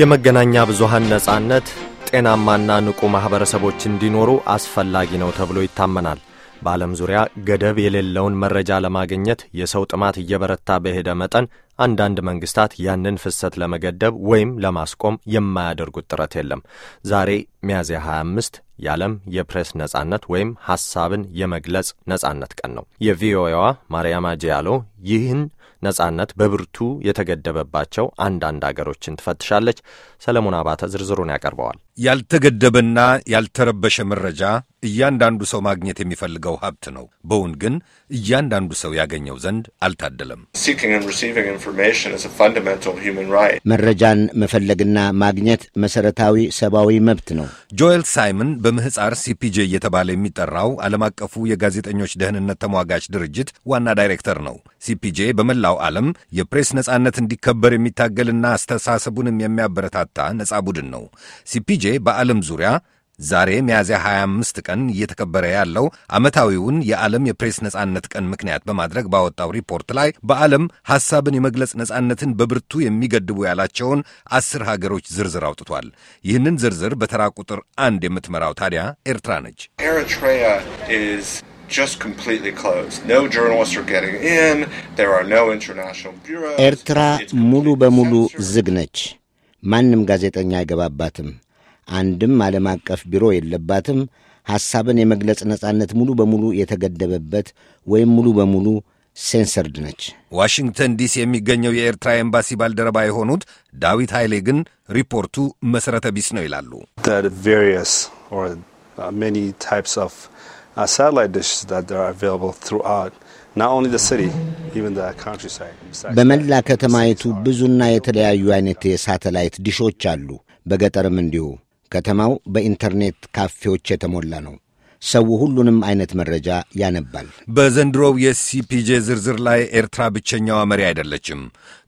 የመገናኛ ብዙሃን ነጻነት ጤናማና ንቁ ማኅበረሰቦች እንዲኖሩ አስፈላጊ ነው ተብሎ ይታመናል። በዓለም ዙሪያ ገደብ የሌለውን መረጃ ለማግኘት የሰው ጥማት እየበረታ በሄደ መጠን አንዳንድ መንግስታት ያንን ፍሰት ለመገደብ ወይም ለማስቆም የማያደርጉት ጥረት የለም። ዛሬ ሚያዝያ 25 የዓለም የፕሬስ ነጻነት ወይም ሐሳብን የመግለጽ ነጻነት ቀን ነው። የቪኦኤዋ ማርያማ ጂያሎ ይህን ነጻነት በብርቱ የተገደበባቸው አንዳንድ አገሮችን ትፈትሻለች። ሰለሞን አባተ ዝርዝሩን ያቀርበዋል። ያልተገደበና ያልተረበሸ መረጃ እያንዳንዱ ሰው ማግኘት የሚፈልገው ሀብት ነው። በውን ግን እያንዳንዱ ሰው ያገኘው ዘንድ አልታደለም። መረጃን መፈለግና ማግኘት መሰረታዊ ሰብአዊ መብት ነው። ጆኤል ሳይመን በምህፃር ሲፒጄ እየተባለ የሚጠራው ዓለም አቀፉ የጋዜጠኞች ደህንነት ተሟጋች ድርጅት ዋና ዳይሬክተር ነው። ሲፒጄ በመላው ዓለም የፕሬስ ነጻነት እንዲከበር የሚታገልና አስተሳሰቡንም የሚያበረታታ ነጻ ቡድን ነው። ሲፒጄ በዓለም ዙሪያ ዛሬ ሚያዝያ 25 ቀን እየተከበረ ያለው ዓመታዊውን የዓለም የፕሬስ ነጻነት ቀን ምክንያት በማድረግ ባወጣው ሪፖርት ላይ በዓለም ሐሳብን የመግለጽ ነጻነትን በብርቱ የሚገድቡ ያላቸውን አስር ሀገሮች ዝርዝር አውጥቷል። ይህንን ዝርዝር በተራ ቁጥር አንድ የምትመራው ታዲያ ኤርትራ ነች። ኤርትራ ሙሉ በሙሉ ዝግ ነች። ማንም ጋዜጠኛ አይገባባትም። አንድም ዓለም አቀፍ ቢሮ የለባትም። ሐሳብን የመግለጽ ነጻነት ሙሉ በሙሉ የተገደበበት ወይም ሙሉ በሙሉ ሴንሰርድ ነች። ዋሽንግተን ዲሲ የሚገኘው የኤርትራ ኤምባሲ ባልደረባ የሆኑት ዳዊት ኃይሌ ግን ሪፖርቱ መሠረተ ቢስ ነው ይላሉ። uh, uh, በመላ ከተማይቱ ብዙና የተለያዩ አይነት የሳተላይት ዲሾች አሉ። በገጠርም እንዲሁ ከተማው በኢንተርኔት ካፌዎች የተሞላ ነው። ሰው ሁሉንም አይነት መረጃ ያነባል። በዘንድሮው የሲፒጄ ዝርዝር ላይ ኤርትራ ብቸኛዋ መሪ አይደለችም።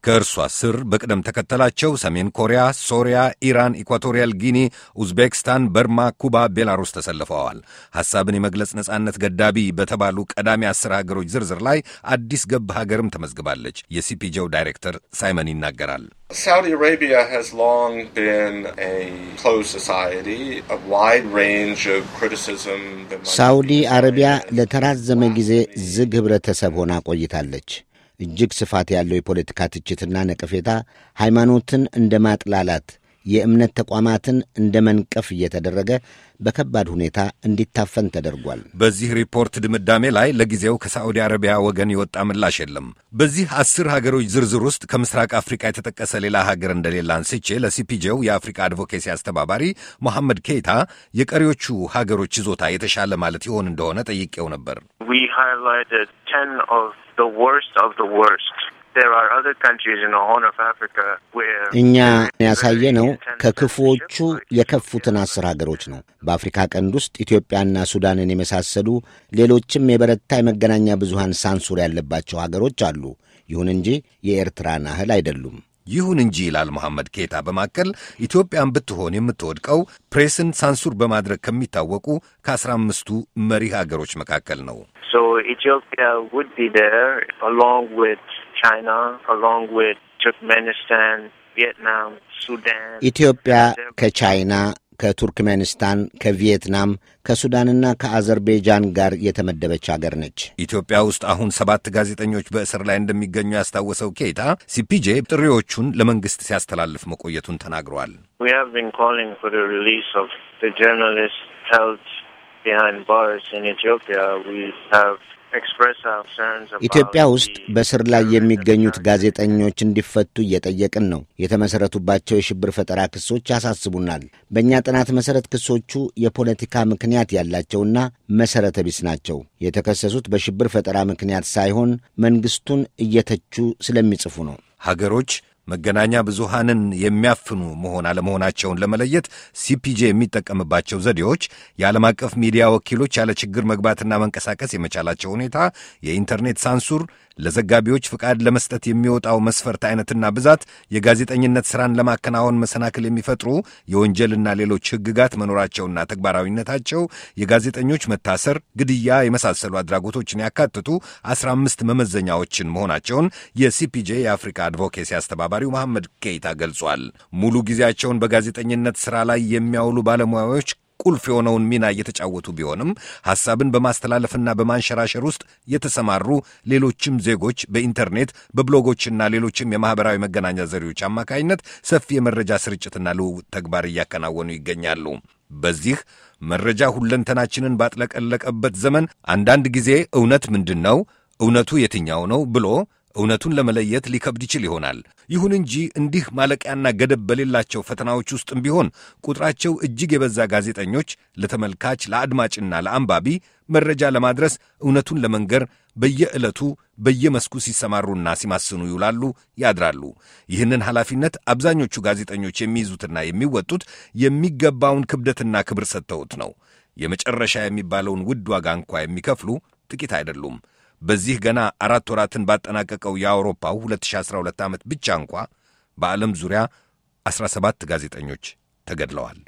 ከእርሷ ስር በቅደም ተከተላቸው ሰሜን ኮሪያ፣ ሶሪያ፣ ኢራን፣ ኢኳቶሪያል ጊኒ፣ ኡዝቤክስታን፣ በርማ፣ ኩባ፣ ቤላሩስ ተሰልፈዋል። ሐሳብን የመግለጽ ነጻነት ገዳቢ በተባሉ ቀዳሚ አስር ሀገሮች ዝርዝር ላይ አዲስ ገብ ሀገርም ተመዝግባለች። የሲፒጄው ዳይሬክተር ሳይመን ይናገራል። ሳውዲ አረቢያ has long been a closed society, a wide range of criticism. ሳውዲ አረቢያ ለተራዘመ ጊዜ ዝግ ህብረተሰብ ሆና ቆይታለች። እጅግ ስፋት ያለው የፖለቲካ ትችትና ነቀፌታ ሃይማኖትን እንደ ማጥላላት የእምነት ተቋማትን እንደ መንቀፍ እየተደረገ በከባድ ሁኔታ እንዲታፈን ተደርጓል። በዚህ ሪፖርት ድምዳሜ ላይ ለጊዜው ከሳዑዲ አረቢያ ወገን የወጣ ምላሽ የለም። በዚህ አስር ሀገሮች ዝርዝር ውስጥ ከምስራቅ አፍሪካ የተጠቀሰ ሌላ ሀገር እንደሌለ አንስቼ ለሲፒጄው የአፍሪካ አድቮኬሲ አስተባባሪ ሞሐመድ ኬይታ የቀሪዎቹ ሀገሮች ይዞታ የተሻለ ማለት ይሆን እንደሆነ ጠይቄው ነበር። እኛ ያሳየነው ከክፉዎቹ የከፉትን አስር ሀገሮች ነው። በአፍሪካ ቀንድ ውስጥ ኢትዮጵያና ሱዳንን የመሳሰሉ ሌሎችም የበረታ የመገናኛ ብዙሃን ሳንሱር ያለባቸው ሀገሮች አሉ። ይሁን እንጂ የኤርትራን ያህል አይደሉም። ይሁን እንጂ ይላል መሐመድ ኬታ በማከል ኢትዮጵያን ብትሆን የምትወድቀው ፕሬስን ሳንሱር በማድረግ ከሚታወቁ ከአስራ አምስቱ መሪ ሀገሮች መካከል ነው። ኢትዮጵያ ኢትዮጵያ ከቻይና ከቱርክሜኒስታን ከቪየትናም ከሱዳንና ከአዘርቤጃን ጋር የተመደበች አገር ነች። ኢትዮጵያ ውስጥ አሁን ሰባት ጋዜጠኞች በእስር ላይ እንደሚገኙ ያስታወሰው ኬታ ሲፒጄ ጥሪዎቹን ለመንግስት ሲያስተላልፍ መቆየቱን ተናግሯል። ኢትዮጵያ ውስጥ በስር ላይ የሚገኙት ጋዜጠኞች እንዲፈቱ እየጠየቅን ነው። የተመሠረቱባቸው የሽብር ፈጠራ ክሶች ያሳስቡናል። በእኛ ጥናት መሠረት ክሶቹ የፖለቲካ ምክንያት ያላቸውና መሠረተ ቢስ ናቸው። የተከሰሱት በሽብር ፈጠራ ምክንያት ሳይሆን መንግሥቱን እየተቹ ስለሚጽፉ ነው። ሀገሮች መገናኛ ብዙሃንን የሚያፍኑ መሆን አለመሆናቸውን ለመለየት ሲፒጄ የሚጠቀምባቸው ዘዴዎች የዓለም አቀፍ ሚዲያ ወኪሎች ያለ ችግር መግባትና መንቀሳቀስ የመቻላቸው ሁኔታ፣ የኢንተርኔት ሳንሱር ለዘጋቢዎች ፍቃድ ለመስጠት የሚወጣው መስፈርት አይነትና ብዛት የጋዜጠኝነት ስራን ለማከናወን መሰናክል የሚፈጥሩ የወንጀልና ሌሎች ህግጋት መኖራቸውና ተግባራዊነታቸው የጋዜጠኞች መታሰር፣ ግድያ የመሳሰሉ አድራጎቶችን ያካትቱ 15 መመዘኛዎችን መሆናቸውን የሲፒጄ የአፍሪካ አድቮኬሲ አስተባባሪው መሐመድ ኬይታ ገልጿል። ሙሉ ጊዜያቸውን በጋዜጠኝነት ስራ ላይ የሚያውሉ ባለሙያዎች ቁልፍ የሆነውን ሚና እየተጫወቱ ቢሆንም ሐሳብን በማስተላለፍና በማንሸራሸር ውስጥ የተሰማሩ ሌሎችም ዜጎች በኢንተርኔት በብሎጎችና ሌሎችም የማኅበራዊ መገናኛ ዘዴዎች አማካይነት ሰፊ የመረጃ ስርጭትና ልውውጥ ተግባር እያከናወኑ ይገኛሉ። በዚህ መረጃ ሁለንተናችንን ባጥለቀለቀበት ዘመን አንዳንድ ጊዜ እውነት ምንድን ነው፣ እውነቱ የትኛው ነው ብሎ እውነቱን ለመለየት ሊከብድ ይችል ይሆናል። ይሁን እንጂ እንዲህ ማለቂያና ገደብ በሌላቸው ፈተናዎች ውስጥም ቢሆን ቁጥራቸው እጅግ የበዛ ጋዜጠኞች ለተመልካች ለአድማጭና ለአንባቢ መረጃ ለማድረስ እውነቱን ለመንገር በየዕለቱ በየመስኩ ሲሰማሩና ሲማስኑ ይውላሉ፣ ያድራሉ። ይህንን ኃላፊነት አብዛኞቹ ጋዜጠኞች የሚይዙትና የሚወጡት የሚገባውን ክብደትና ክብር ሰጥተውት ነው። የመጨረሻ የሚባለውን ውድ ዋጋ እንኳ የሚከፍሉ ጥቂት አይደሉም። በዚህ ገና አራት ወራትን ባጠናቀቀው የአውሮፓው 2012 ዓመት ብቻ እንኳ በዓለም ዙሪያ 17 ጋዜጠኞች ተገድለዋል።